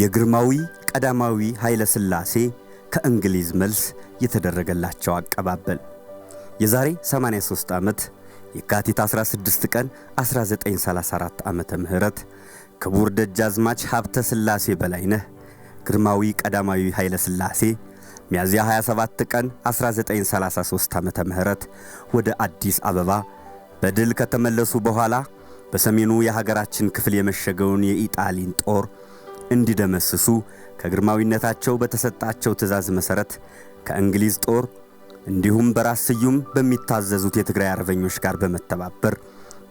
የግርማዊ ቀዳማዊ ኃይለ ሥላሴ ከእንግሊዝ መልስ የተደረገላቸው አቀባበል የዛሬ 83 ዓመት የካቲት 16 ቀን 1934 ዓመተ ምህረት ክቡር ደጃዝማች ሀብተ ሥላሴ በላይነህ ግርማዊ ቀዳማዊ ኃይለ ሥላሴ ሚያዝያ 27 ቀን 1933 ዓመተ ምህረት ወደ አዲስ አበባ በድል ከተመለሱ በኋላ በሰሜኑ የሀገራችን ክፍል የመሸገውን የኢጣሊን ጦር እንዲደመስሱ ከግርማዊነታቸው በተሰጣቸው ትእዛዝ መሠረት ከእንግሊዝ ጦር እንዲሁም በራስ ስዩም በሚታዘዙት የትግራይ አርበኞች ጋር በመተባበር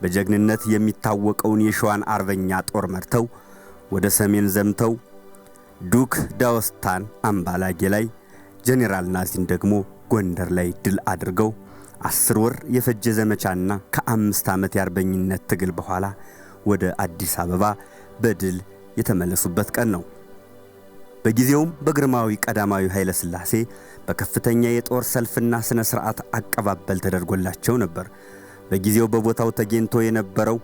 በጀግንነት የሚታወቀውን የሸዋን አርበኛ ጦር መርተው ወደ ሰሜን ዘምተው ዱክ ዳውስታን አምባላጌ ላይ ጄኔራል ናዚን ደግሞ ጎንደር ላይ ድል አድርገው አስር ወር የፈጀ ዘመቻና ከአምስት ዓመት የአርበኝነት ትግል በኋላ ወደ አዲስ አበባ በድል የተመለሱበት ቀን ነው። በጊዜውም በግርማዊ ቀዳማዊ ኃይለ ሥላሴ በከፍተኛ የጦር ሰልፍና ሥነ ሥርዓት አቀባበል ተደርጎላቸው ነበር። በጊዜው በቦታው ተገኝቶ የነበረው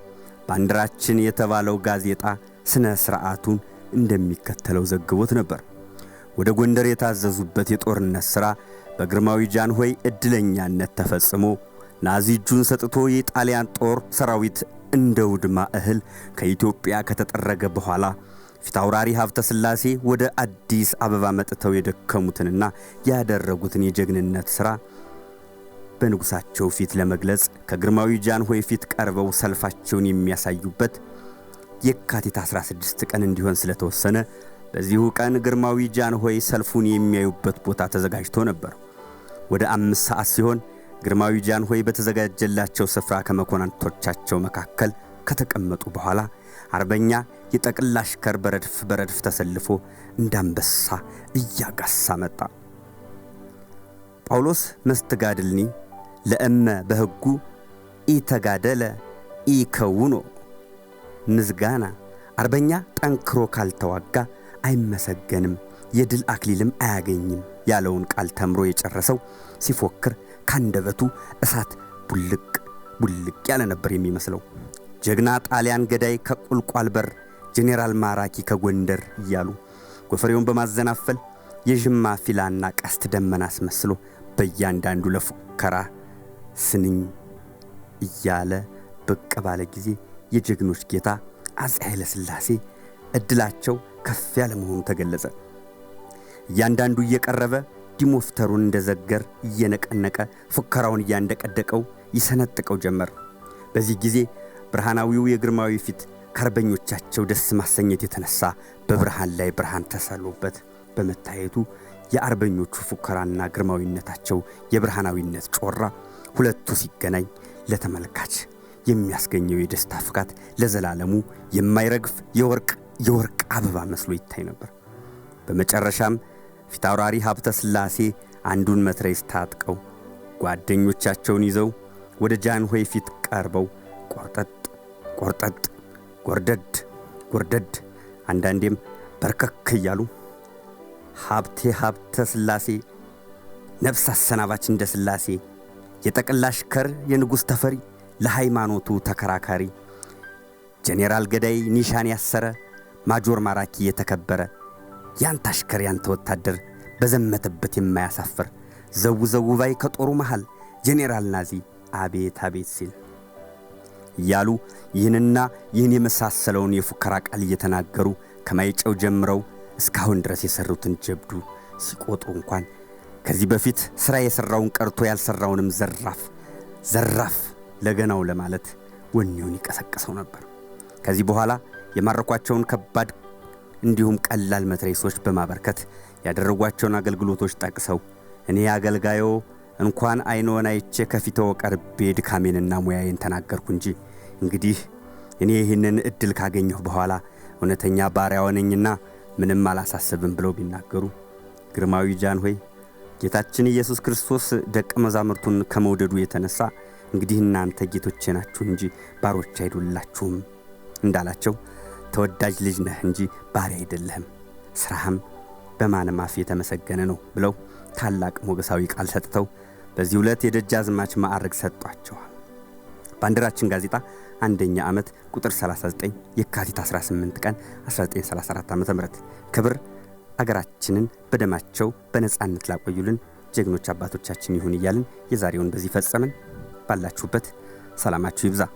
ባንዲራችን የተባለው ጋዜጣ ሥነ ሥርዓቱን እንደሚከተለው ዘግቦት ነበር። ወደ ጎንደር የታዘዙበት የጦርነት ሥራ በግርማዊ ጃንሆይ ዕድለኛነት ተፈጽሞ ናዚ እጁን ሰጥቶ የጣሊያን ጦር ሰራዊት እንደ ውድማ እህል ከኢትዮጵያ ከተጠረገ በኋላ ፊታውራሪ ሀብተ ሥላሴ ወደ አዲስ አበባ መጥተው የደከሙትንና ያደረጉትን የጀግንነት ሥራ በንጉሳቸው ፊት ለመግለጽ ከግርማዊ ጃንሆይ ፊት ቀርበው ሰልፋቸውን የሚያሳዩበት የካቲት 16 ቀን እንዲሆን ስለተወሰነ በዚሁ ቀን ግርማዊ ጃንሆይ ሰልፉን የሚያዩበት ቦታ ተዘጋጅቶ ነበር። ወደ አምስት ሰዓት ሲሆን ግርማዊ ጃንሆይ በተዘጋጀላቸው ስፍራ ከመኮንቶቻቸው መካከል ከተቀመጡ በኋላ አርበኛ የጠቅላ አሽከር በረድፍ በረድፍ ተሰልፎ እንዳንበሳ እያጋሳ መጣ። ጳውሎስ መስትጋድልኒ ለእመ በሕጉ ኢተጋደለ ኢከውኖ ምዝጋና አርበኛ ጠንክሮ ካልተዋጋ አይመሰገንም፣ የድል አክሊልም አያገኝም ያለውን ቃል ተምሮ የጨረሰው ሲፎክር ካንደበቱ እሳት ቡልቅ ቡልቅ ያለ ነበር የሚመስለው። ጀግና ጣሊያን ገዳይ ከቁልቋል በር፣ ጄኔራል ማራኪ ከጎንደር እያሉ ጎፈሬውን በማዘናፈል የዥማ ፊላና ቀስት ደመና አስመስሎ በእያንዳንዱ ለፉከራ ስንኝ እያለ ብቅ ባለ ጊዜ የጀግኖች ጌታ አጼ ኃይለ ሥላሴ ዕድላቸው ከፍ ያለ መሆኑ ተገለጸ። እያንዳንዱ እየቀረበ ዲሞፍተሩን እንደ ዘገር እየነቀነቀ ፉከራውን እያንደቀደቀው ይሰነጥቀው ጀመር። በዚህ ጊዜ ብርሃናዊው የግርማዊ ፊት ከአርበኞቻቸው ደስ ማሰኘት የተነሳ በብርሃን ላይ ብርሃን ተሰሎበት በመታየቱ የአርበኞቹ ፉከራና ግርማዊነታቸው የብርሃናዊነት ጮራ ሁለቱ ሲገናኝ ለተመልካች የሚያስገኘው የደስታ ፍካት ለዘላለሙ የማይረግፍ የወርቅ የወርቅ አበባ መስሎ ይታይ ነበር። በመጨረሻም ፊታውራሪ ሀብተ ሥላሴ አንዱን መትረይስ ታጥቀው ጓደኞቻቸውን ይዘው ወደ ጃንሆይ ፊት ቀርበው ቆርጠጥ ቆርጠጥ ጎርደድ ጎርደድ አንዳንዴም በርከክ እያሉ ሀብቴ ሀብተ ሥላሴ ነፍስ አሰናባች እንደ ሥላሴ የጠቅላሽ ከር የንጉሥ ተፈሪ ለሃይማኖቱ ተከራካሪ ጄኔራል ገዳይ ኒሻን ያሰረ ማጆር ማራኪ የተከበረ ያንተ አሽከር ያንተ ወታደር በዘመተበት የማያሳፍር ዘው ዘው ባይ ከጦሩ መሃል ጄኔራል ናዚ አቤት አቤት ሲል እያሉ ይህንና ይህን የመሳሰለውን የፉከራ ቃል እየተናገሩ ከማይጨው ጀምረው እስካሁን ድረስ የሰሩትን ጀብዱ ሲቆጡ እንኳን ከዚህ በፊት ሥራ የሠራውን ቀርቶ ያልሠራውንም ዘራፍ ዘራፍ ለገናው ለማለት ወኔውን ይቀሰቀሰው ነበር። ከዚህ በኋላ የማረኳቸውን ከባድ እንዲሁም ቀላል መትረይሶች በማበርከት ያደረጓቸውን አገልግሎቶች ጠቅሰው እኔ አገልጋዮ እንኳን አይኖን አይቼ ከፊትዎ ቀርቤ ድካሜንና ሙያዬን ተናገርኩ እንጂ እንግዲህ እኔ ይህንን እድል ካገኘሁ በኋላ እውነተኛ ባሪያዎ ነኝና ምንም አላሳስብም ብለው ቢናገሩ ግርማዊ ጃንሆይ ጌታችን ኢየሱስ ክርስቶስ ደቀ መዛሙርቱን ከመውደዱ የተነሳ እንግዲህ እናንተ ጌቶቼ ናችሁ እንጂ ባሮች አይደላችሁም እንዳላቸው ተወዳጅ ልጅ ነህ እንጂ ባሪያ አይደለህም፣ ስራህም በማንም አፍ የተመሰገነ ነው ብለው ታላቅ ሞገሳዊ ቃል ሰጥተው በዚህ ዕለት የደጃዝማች ማዕረግ ሰጧቸዋል። ባንዲራችን ጋዜጣ አንደኛ ዓመት ቁጥር 39 የካቲት 18 ቀን 1934 ዓ ም ክብር አገራችንን በደማቸው በነፃነት ላቆዩልን ጀግኖች አባቶቻችን ይሁን እያልን የዛሬውን በዚህ ፈጸምን። ባላችሁበት ሰላማችሁ ይብዛ።